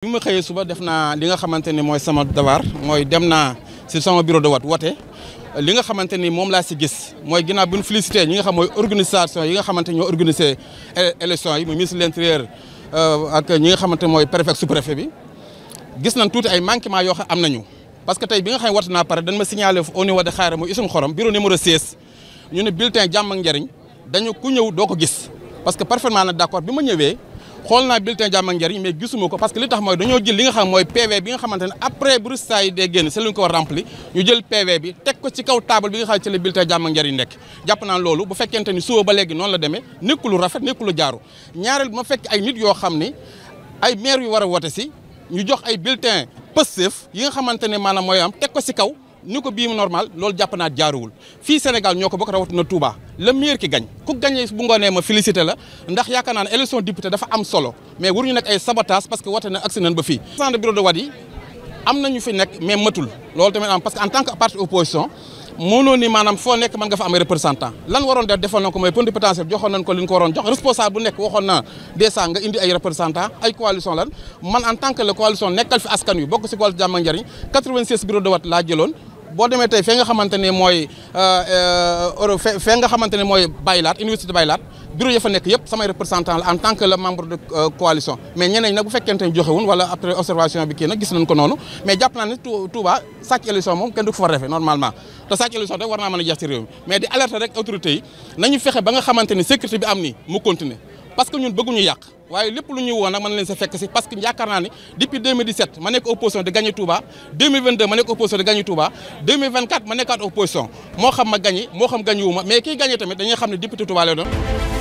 bi ma xëyee suba def naa li nga xamante ne mooy sama devoir mooy dem naa si sama bureau de vote wote li nga xamante ni moom laa si gis mooy ginnaaw bu ñu félicité ñi nga xam mooy organisation yi nga xamante ñoo organisé élection yi muy ministre de euh, ak ñi nga xamante mooy préfet sous-préfet bi gis nañ tuuti ay manquement yoo xam am ñu parce que tey bi nga xam ne wat naa pare dañ ma signalé au niveau de xaare mooy isum xorom bureau numéro 16 ñu ne bulletin jàmm ak njariñ dañu ku ñëw doo ko gis parce que parfaitement nag d'accord bi ma ñëwee xool naa bulletin jàmm ak njariñ mais gisuma ko parce que li tax mooy dañoo jël li nga xam mooy PV bi nga xamante ne après bu résultat yi dee génn ko war rempli ñu jël PV bi teg ko ci kaw taabal bi nga xam ne ci la bulletin jàmm ak njariñ nekk jàpp naa loolu bu fekkente ni suba ba léegi noonu la demee nekku lu rafet nekku lu jaaru ñaareel ma fekke ay nit yoo xam ni ay maire yu war a wote si ñu jox ay bulletin Pastef yi nga xamante ne maanaam mooy am teg ko si kaw ni ko bii mu normal loolu jàpp naa jaaruwul fii Sénégal ñoo ko bokk rawatina Touba le meilleur ki gañ ku gañee bu ngoonee ma félicité la ndax yaakaar naa ne élection député dafa am solo mais waruñu nekk ay sabotage parce que wate na agsi nañ ba fii bureau de Wade yi am nañu fi nekk mais matul loolu tamit am parce que en tant que parti opposition mënoo ni maanaam foo nekk mën nga fa am représentant lan waroon def defal ko mooy plénipotentiaire la coalition de vote boo demee tey fee nga xamante ne mooy euh, euh, Europe fee nga xamante ne mooy Baylaat université Baylaat bureau ya fa nekk yëpp samay représentant la en tant que le membre de euh, coalition mais ñeneen nag bu fekkente ne joxewun wala après observation bi kii nag gis nañ ko noonu mais jàpp naa ne Touba sàcc élection moom kenn du ko fa refe normalement te sàcc élection rek war naa mën a jeex ci réew mi mais di alerter rek autorités yi nañu fexe ba nga xamante ne bi am nii mu continuer parce que ñun bëgguñu yàq waaye lépp lu ñuy woo nag mën leen sa fekk si parce que yaakaar naa ne depuis 2017 ma nekk opposition de gagné Touba 2022 ma nekk opposition de gagné Touba 2024 ma nekkaat opposition moo xam ma gagné moo xam gagné wu ma mais kiy gagné tamit dañuy xam ne député Touba lay